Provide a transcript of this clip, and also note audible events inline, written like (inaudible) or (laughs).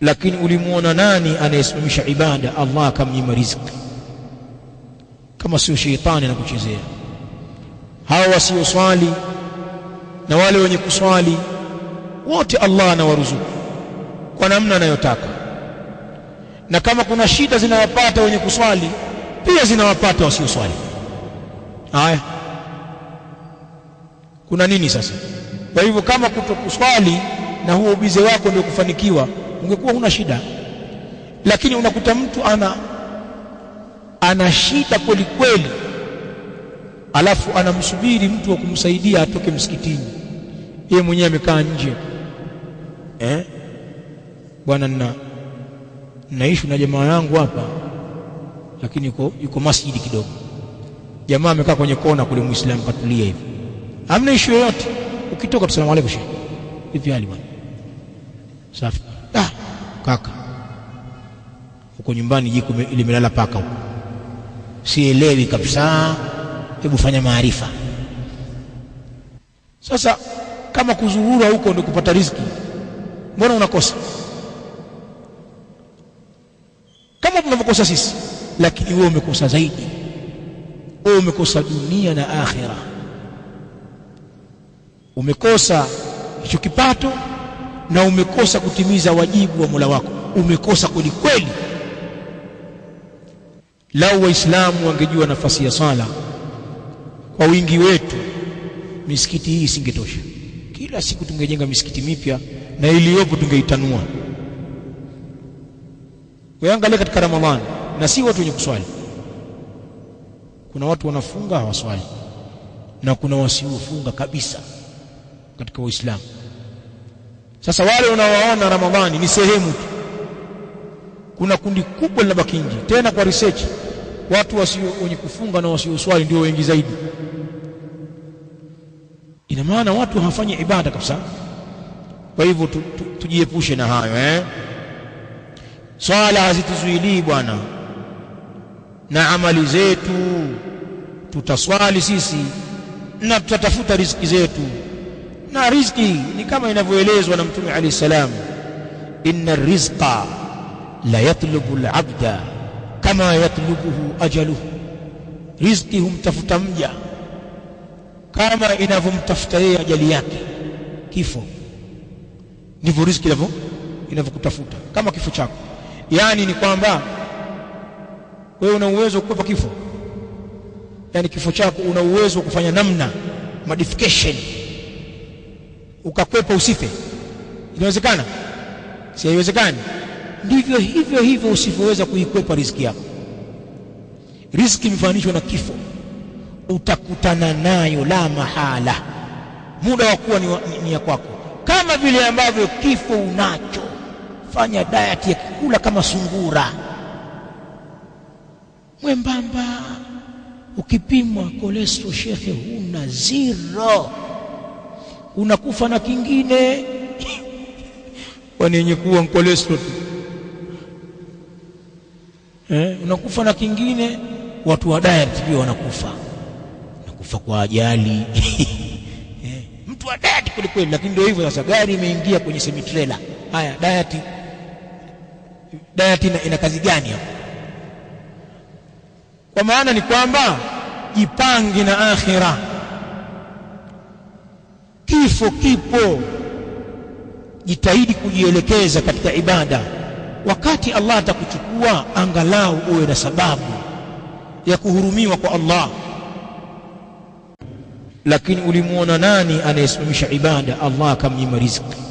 lakini ulimuona nani anayesimamisha ibada? Allah akamnyima riziki, kama sio sheitani anakuchezea. Hawa wasioswali na wale wenye kuswali wote Allah anawaruzuku kwa namna anayotaka, na kama kuna shida zinawapata wenye kuswali pia zinawapata wasioswali. Haya, kuna nini sasa? Kwa hivyo kama kutokuswali na huo ubize wako ndio kufanikiwa ungekuwa huna shida, lakini unakuta mtu ana ana shida kweli kweli, alafu anamsubiri mtu wa kumsaidia atoke msikitini, yeye mwenyewe amekaa nje eh? Bwana na naishi na jamaa yangu hapa, lakini yuko, yuko masjidi kidogo. Jamaa amekaa kwenye kona kule, Muislamu katulia hivi, hamna ishu yoyote. Ukitoka tusalamu alaykum, sheikh, hivi hali bwana Safi. Da, ah, kaka huko nyumbani jiko limelala paka huko, sielewi kabisa, hebu fanya maarifa. Sasa kama kuzurura huko ndio kupata riziki, mbona unakosa kama tunavyokosa sisi? Lakini wewe umekosa zaidi, wewe umekosa dunia na akhira, umekosa hicho kipato na umekosa kutimiza wajibu wa Mola wako, umekosa kweli kweli. Lau Waislamu wangejua nafasi ya sala kwa wingi wetu, misikiti hii isingetosha. Kila siku tungejenga misikiti mipya na iliyopo tungeitanua. weangalia katika Ramadhani, na si watu wenye kuswali. Kuna watu wanafunga hawaswali, na kuna wasiofunga kabisa katika Waislamu. Sasa wale unaowaona Ramadhani ni sehemu tu, kuna kundi kubwa linabaki nje. Tena kwa research, watu wasio wenye kufunga na wasioswali ndio wengi zaidi. Ina maana watu hawafanyi ibada kabisa. Kwa hivyo tujiepushe tu, tujiepushe na hayo eh? Swala hazituzuilii bwana, na amali zetu tutaswali sisi na tutatafuta riziki zetu na riziki ni kama inavyoelezwa na Mtume alayhi salam, inna rizqa la yatlubu alabda kama yatlubuhu ajaluhu, riziki humtafuta mja kama inavyomtafuta yeye ajali yake, kifo. Ndivyo riziki inavyokutafuta kama kifo chako. Yaani ni kwamba wewe una uwezo wa kukwepa kifo, yaani kifo chako una uwezo wa kufanya namna modification ukakwepa usife, inawezekana? Si haiwezekani. Ndivyo hivyo hivyo usivyoweza kuikwepa riziki yako. Riziki imefananishwa na kifo, utakutana nayo la mahala. Muda wa kuwa ni, ni ya kwako, kama vile ambavyo kifo unacho. Fanya diet ya kula kama sungura mwembamba, ukipimwa kolesto shekhe, huna zero unakufa na kingine kwani yenye kuwa mkolestro tu eh, unakufa na kingine. Watu wa diet pia wanakufa, nakufa kwa ajali (laughs) eh, mtu wa diet kwelikweli Lakini ndio hivyo sasa, gari imeingia kwenye semitrela. Haya, diet diet ina, ina kazi gani hapo? Kwa maana ni kwamba jipange na akhira Kifo kipo, jitahidi kujielekeza katika ibada. Wakati Allah atakuchukua, angalau uwe na sababu ya kuhurumiwa kwa Allah. Lakini ulimwona nani anayesimamisha ibada? Allah akamnyima riziki.